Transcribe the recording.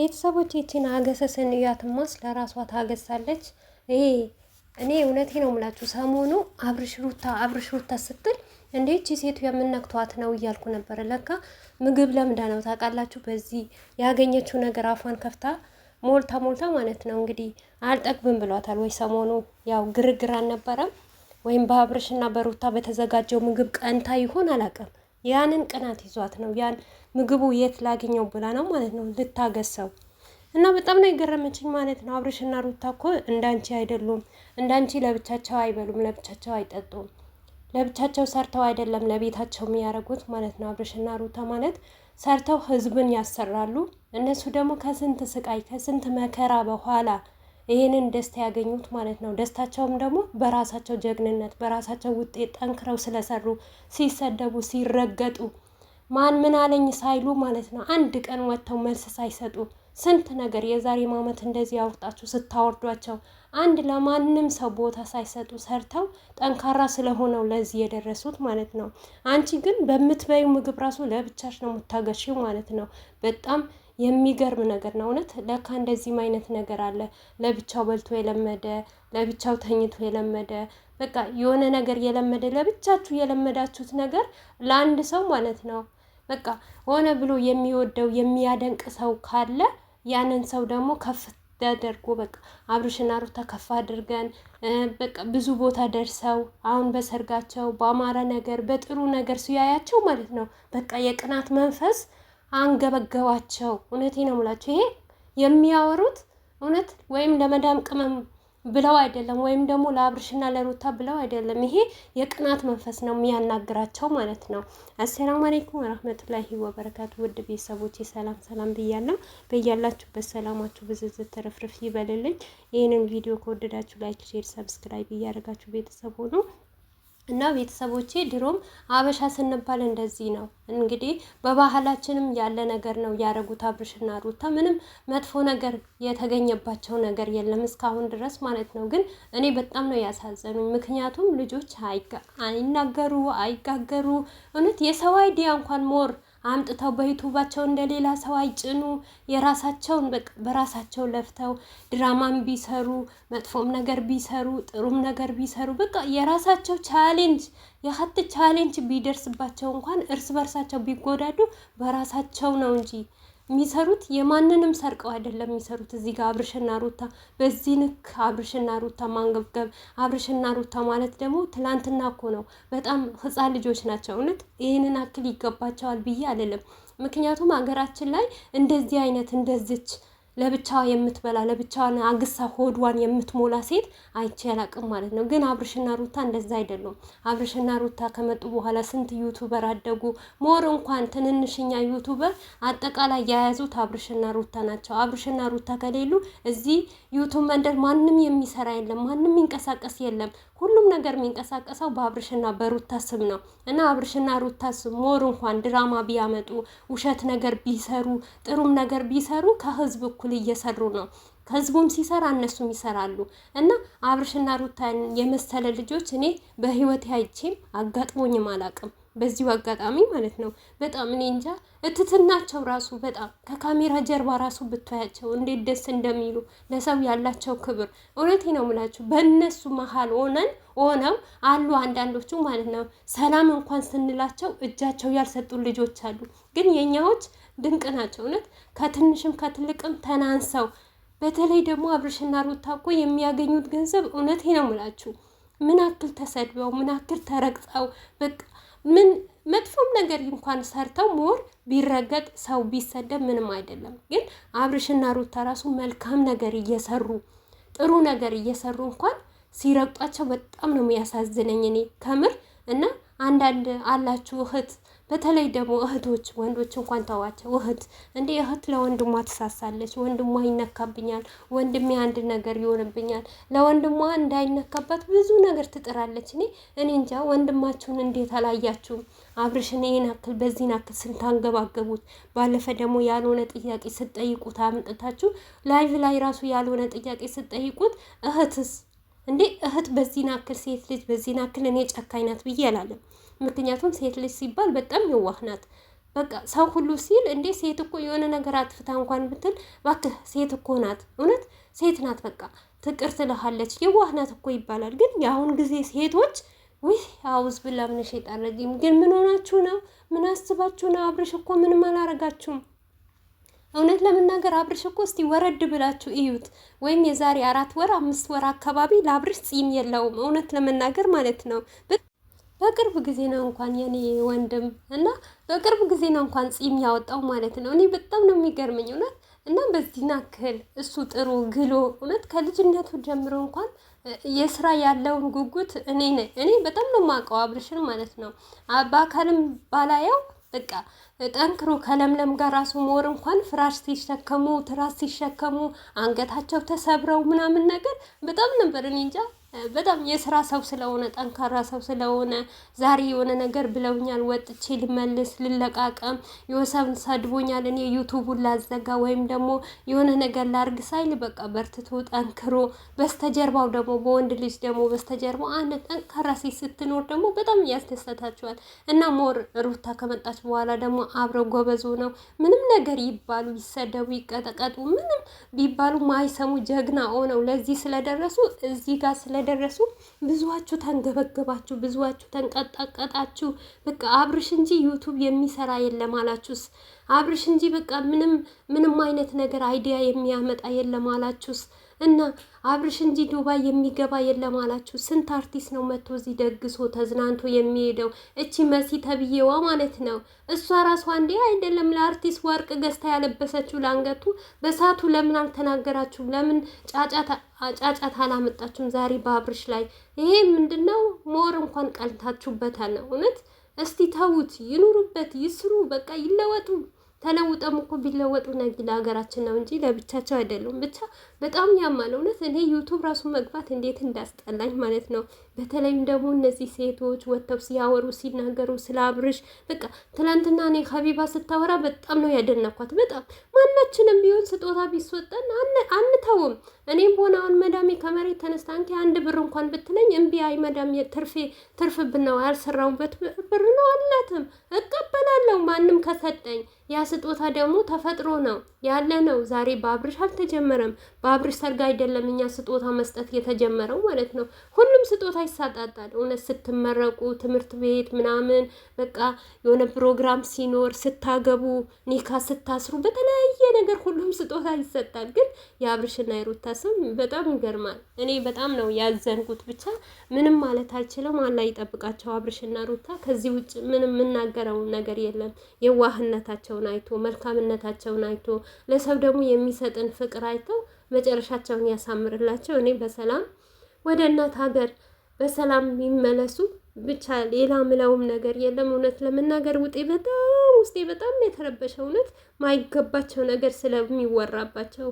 ቤተሰቦች ይችን አገሰስን እያትማስ ለራሷ ታገሳለች። ይሄ እኔ እውነቴ ነው የምላችሁ። ሰሞኑ አብርሽ ሩታ አብርሽ ሩታ ስትል እንዴ ሴቱ የምነክቷት ነው እያልኩ ነበረ። ለካ ምግብ ለምዳ ነው ታውቃላችሁ። በዚህ ያገኘችው ነገር አፏን ከፍታ ሞልታ ሞልታ ማለት ነው እንግዲህ አልጠግብም ብሏታል። ወይ ሰሞኑ ያው ግርግር አልነበረም ወይም በአብርሽና በሩታ በተዘጋጀው ምግብ ቀንታ ይሆን አላውቅም። ያንን ቅናት ይዟት ነው ያን ምግቡ የት ላገኘው ብላ ነው ማለት ነው ልታገሰው እና በጣም ነው የገረመችኝ ማለት ነው። አብርሽና ሩታ እኮ እንዳንቺ አይደሉም። እንዳንቺ ለብቻቸው አይበሉም፣ ለብቻቸው አይጠጡም፣ ለብቻቸው ሰርተው አይደለም ለቤታቸው የሚያደርጉት ማለት ነው። አብርሽና ሩታ ማለት ሰርተው ህዝብን ያሰራሉ። እነሱ ደግሞ ከስንት ስቃይ ከስንት መከራ በኋላ ይህንን ደስታ ያገኙት ማለት ነው። ደስታቸውም ደግሞ በራሳቸው ጀግንነት፣ በራሳቸው ውጤት ጠንክረው ስለሰሩ ሲሰደቡ፣ ሲረገጡ ማን ምን አለኝ ሳይሉ ማለት ነው። አንድ ቀን ወጥተው መልስ ሳይሰጡ ስንት ነገር የዛሬም ዓመት እንደዚህ አውርጣችሁ ስታወርዷቸው አንድ ለማንም ሰው ቦታ ሳይሰጡ ሰርተው ጠንካራ ስለሆነው ለዚህ የደረሱት ማለት ነው። አንቺ ግን በምትበዩ ምግብ ራሱ ለብቻሽ ነው የምታገሺው ማለት ነው። በጣም የሚገርም ነገር ነው እውነት። ለካ እንደዚህም አይነት ነገር አለ። ለብቻው በልቶ የለመደ ለብቻው ተኝቶ የለመደ በቃ የሆነ ነገር የለመደ ለብቻችሁ የለመዳችሁት ነገር ለአንድ ሰው ማለት ነው በቃ ሆነ ብሎ የሚወደው የሚያደንቅ ሰው ካለ ያንን ሰው ደግሞ ከፍ ተደርጎ በቃ አብርሽና ሩታ ከፍ አድርገን በቃ ብዙ ቦታ ደርሰው አሁን በሰርጋቸው በአማረ ነገር በጥሩ ነገር ሲያያቸው ማለት ነው በቃ የቅናት መንፈስ አንገበገባቸው። እውነቴ ነው የምላቸው። ይሄ የሚያወሩት እውነት ወይም ለመዳም ቅመም ብለው አይደለም፣ ወይም ደግሞ ለአብርሽና ለሩታ ብለው አይደለም። ይሄ የቅናት መንፈስ ነው የሚያናግራቸው ማለት ነው። አሰላሙ አለይኩም ወረህመቱላሂ ወበረካቱ። ውድ ቤተሰቦች ሰላም ሰላም ብያለሁ። በያላችሁበት ሰላማችሁ ብዝዝት ተረፍርፍ ይበልልኝ። ይህንን ቪዲዮ ከወደዳችሁ ላይክ፣ ሼር፣ ሰብስክራይብ እያደረጋችሁ ቤተሰብ ሆኑ። እና ቤተሰቦቼ ድሮም አበሻ ስንባል እንደዚህ ነው። እንግዲህ በባህላችንም ያለ ነገር ነው ያደረጉት አብርሽና ሩታ። ምንም መጥፎ ነገር የተገኘባቸው ነገር የለም እስካሁን ድረስ ማለት ነው። ግን እኔ በጣም ነው ያሳዘኑ። ምክንያቱም ልጆች አይናገሩ አይጋገሩ እውነት የሰው አይዲያ እንኳን ሞር አምጥተው በዩቱባቸው እንደሌላ ሰው አይጭኑ። የራሳቸውን በራሳቸው ለፍተው ድራማም ቢሰሩ መጥፎም ነገር ቢሰሩ ጥሩም ነገር ቢሰሩ በቃ የራሳቸው ቻሌንጅ የሀት ቻሌንጅ ቢደርስባቸው እንኳን እርስ በርሳቸው ቢጎዳዱ በራሳቸው ነው እንጂ የሚሰሩት የማንንም ሰርቀው አይደለም የሚሰሩት። እዚህ ጋር አብርሽና ሩታ በዚህ ንክ አብርሽና ሩታ ማንገብገብ። አብርሽና ሩታ ማለት ደግሞ ትላንትና እኮ ነው በጣም ህፃን ልጆች ናቸው። እውነት ይህንን አክል ይገባቸዋል ብዬ አይደለም። ምክንያቱም ሀገራችን ላይ እንደዚህ አይነት እንደዚች ለብቻዋ የምትበላ ለብቻ አግሳ ሆድዋን የምትሞላ ሴት አይቼ አላቅም ማለት ነው። ግን አብርሽና ሩታ እንደዛ አይደሉም። አብርሽና ሩታ ከመጡ በኋላ ስንት ዩቱበር አደጉ። ሞር እንኳን ትንንሽኛ ዩቱበር አጠቃላይ የያዙት አብርሽና ሩታ ናቸው። አብርሽና ሩታ ከሌሉ እዚህ ዩቱብ መንደር ማንም የሚሰራ የለም፣ ማንም የሚንቀሳቀስ የለም። ሁሉም ነገር የሚንቀሳቀሰው በአብርሽና በሩታ ስም ነው እና አብርሽና ሩታ ስም ሞር እንኳን ድራማ ቢያመጡ ውሸት ነገር ቢሰሩ ጥሩም ነገር ቢሰሩ ከህዝብ እኩል እየሰሩ ነው። ህዝቡም ሲሰራ እነሱም ይሰራሉ እና አብርሽና ሩታን የመሰለ ልጆች እኔ በህይወት አይቼም አጋጥሞኝም አላቅም። በዚሁ አጋጣሚ ማለት ነው። በጣም እኔ እንጃ እትትናቸው ራሱ በጣም ከካሜራ ጀርባ ራሱ ብታያቸው እንዴት ደስ እንደሚሉ ለሰው ያላቸው ክብር፣ እውነቴ ነው ምላችሁ። በእነሱ መሀል ሆነን ሆነው አሉ አንዳንዶቹ ማለት ነው። ሰላም እንኳን ስንላቸው እጃቸው ያልሰጡ ልጆች አሉ። ግን የኛዎች ድንቅ ናቸው። እውነት ከትንሽም ከትልቅም ተናንሰው በተለይ ደግሞ አብርሽና ሩታ እኮ የሚያገኙት ገንዘብ እውነቴ ነው ምላችሁ ምን አክል ተሰድበው ምን አክል ተረግጠው በቃ ምን መጥፎም ነገር እንኳን ሰርተው ሞር ቢረገጥ ሰው ቢሰደብ ምንም አይደለም። ግን አብርሽና ሩታ ራሱ መልካም ነገር እየሰሩ ጥሩ ነገር እየሰሩ እንኳን ሲረግጧቸው በጣም ነው የሚያሳዝነኝ እኔ ከምር እና አንዳንድ አላችሁ እህት በተለይ ደግሞ እህቶች ወንዶች እንኳን ተዋቸው። እህት እንዴ እህት ለወንድሟ ትሳሳለች። ወንድሟ ይነካብኛል፣ ወንድሜ አንድ ነገር ይሆንብኛል፣ ለወንድሟ እንዳይነካባት ብዙ ነገር ትጥራለች። እኔ እኔ እንጃ ወንድማችሁን እንዴት አላያችሁም? አብርሽን ይህን አክል በዚህን አክል ስንታንገባገቡት፣ ባለፈ ደግሞ ያልሆነ ጥያቄ ስትጠይቁት አምጥታችሁ ላይቭ ላይ ራሱ ያልሆነ ጥያቄ ስትጠይቁት እህትስ እንዴ እህት በዚህ ናክል ሴት ልጅ በዚህ ናክል እኔ ጨካኝ ናት ብዬ አላለም። ምክንያቱም ሴት ልጅ ሲባል በጣም የዋህ ናት። በቃ ሰው ሁሉ ሲል እንዴ ሴት እኮ የሆነ ነገር አጥፍታ እንኳን ብትል ባክህ ሴት እኮ ናት፣ እውነት ሴት ናት፣ በቃ ትቅር ትልሃለች፣ የዋህ ናት እኮ ይባላል። ግን የአሁን ጊዜ ሴቶች ውይ አውዝ ብላ ምን ሸይጣን ግን ምን ሆናችሁ ነው? ምን አስባችሁ ነው? አብርሽ እኮ ምንም አላረጋችሁም። እውነት ለመናገር አብርሽ እኮ እስቲ ወረድ ብላችሁ እዩት። ወይም የዛሬ አራት ወር አምስት ወር አካባቢ ለአብርሽ ጺም የለውም። እውነት ለመናገር ማለት ነው። በቅርብ ጊዜ ነው እንኳን የኔ ወንድም እና በቅርብ ጊዜ ነው እንኳን ጺም ያወጣው ማለት ነው። እኔ በጣም ነው የሚገርመኝ እውነት እና በዚህ ናክል እሱ ጥሩ ግሎ እውነት ከልጅነቱ ጀምሮ እንኳን የስራ ያለውን ጉጉት እኔ እኔ በጣም ነው የማውቀው አብርሽን ማለት ነው በአካልም ባላየው በቃ ጠንክሮ ከለምለም ጋር ራሱ ሞር እንኳን ፍራሽ ሲሸከሙ ትራስ ሲሸከሙ አንገታቸው ተሰብረው ምናምን ነገር በጣም ነበር እኔ እንጃ በጣም የስራ ሰው ስለሆነ ጠንካራ ሰው ስለሆነ ዛሬ የሆነ ነገር ብለውኛል፣ ወጥቼ ልመልስ ልለቃቀም፣ የወሰብን ሰድቦኛል፣ እኔ ዩቱቡን ላዘጋ ወይም ደግሞ የሆነ ነገር ላርግ ሳይል በቃ በርትቶ ጠንክሮ በስተጀርባው ደግሞ በወንድ ልጅ ደግሞ በስተጀርባው አንድ ጠንካራ ሴት ስትኖር ደግሞ በጣም ያስደሰታቸዋል። እና ሞር ሩታ ከመጣች በኋላ ደግሞ አብረው ጎበዞ ነው። ምንም ነገር ይባሉ ይሰደቡ ይቀጠቀጡ ምንም ቢባሉ ማይሰሙ ጀግና ሆነው ለዚህ ስለደረሱ እዚህ ጋር ስለ ስለደረሱ ብዙዋችሁ ተንገበገባችሁ፣ ብዙዋችሁ ተንቀጠቀጣችሁ። በቃ አብርሽ እንጂ ዩቱብ የሚሰራ የለም አላችሁስ? አብርሽ እንጂ በቃ ምንም ምንም አይነት ነገር አይዲያ የሚያመጣ የለም አላችሁስ? እና አብርሽ እንጂ ዱባይ የሚገባ የለም አላችሁ። ስንት አርቲስት ነው መጥቶ እዚህ ደግሶ ተዝናንቶ የሚሄደው? እቺ መሲ ተብዬዋ ማለት ነው። እሷ ራሷ እንዴ አይደለም ለአርቲስት ወርቅ ገዝታ ያለበሰችው ለአንገቱ። በሰዓቱ ለምን አልተናገራችሁም? ለምን ጫጫት አላመጣችሁም? ዛሬ በአብርሽ ላይ ይሄ ምንድን ነው? ሞር እንኳን ቀልታችሁበታል ነው እውነት። እስቲ ተዉት፣ ይኑሩበት፣ ይስሩ፣ በቃ ይለወጡ። ተለውጠም እኮ ቢለወጡ ነግ ለሀገራችን ነው እንጂ ለብቻቸው አይደሉም። ብቻ በጣም ያማል እውነት። እኔ ዩቱብ ራሱ መግባት እንዴት እንዳስጠላኝ ማለት ነው። በተለይም ደግሞ እነዚህ ሴቶች ወጥተው ሲያወሩ ሲናገሩ ስለ አብርሽ በቃ ትናንትና እኔ ሀቢባ ስታወራ በጣም ነው ያደነኳት በጣም ማናችንም ቢሆን ስጦታ ቢስወጠን አንተውም። እኔም ሆነ አሁን መዳሜ ከመሬት ተነስታ አንኪ አንድ ብር እንኳን ብትለኝ እምቢ። አይ መዳሜ ትርፌ ትርፍ ብናው ያልሰራውበት ብር ነው አላትም። እቀበላለሁ ማንም ከሰጠኝ። ያ ስጦታ ደግሞ ተፈጥሮ ነው። ያለ ነው። ዛሬ በአብርሽ አልተጀመረም። በአብርሽ ሰርግ አይደለም እኛ ስጦታ መስጠት የተጀመረው ማለት ነው። ሁሉም ስጦታ ይሳጣጣል። እውነት ስትመረቁ፣ ትምህርት ቤት ምናምን በቃ የሆነ ፕሮግራም ሲኖር፣ ስታገቡ፣ ኒካ ስታስሩ፣ በተለያየ ነገር ሁሉም ስጦታ ይሰጣል። ግን የአብርሽና የሩታ ስም በጣም ይገርማል። እኔ በጣም ነው ያዘንኩት ብቻ ምንም ማለት አልችልም። አላህ ይጠብቃቸው አብርሽና ሩታ። ከዚህ ውጭ ምንም የምናገረው ነገር የለም። የዋህነታቸውን አይቶ መልካምነታቸውን አይቶ ለሰው ደግሞ የሚሰጥን ፍቅር አይተው መጨረሻቸውን ያሳምርላቸው። እኔ በሰላም ወደ እናት ሀገር በሰላም ይመለሱ ብቻ ሌላ ምለውም ነገር የለም። እውነት ለመናገር ውጤ በጣም ውስጤ በጣም የተረበሸ እውነት ማይገባቸው ነገር ስለሚወራባቸው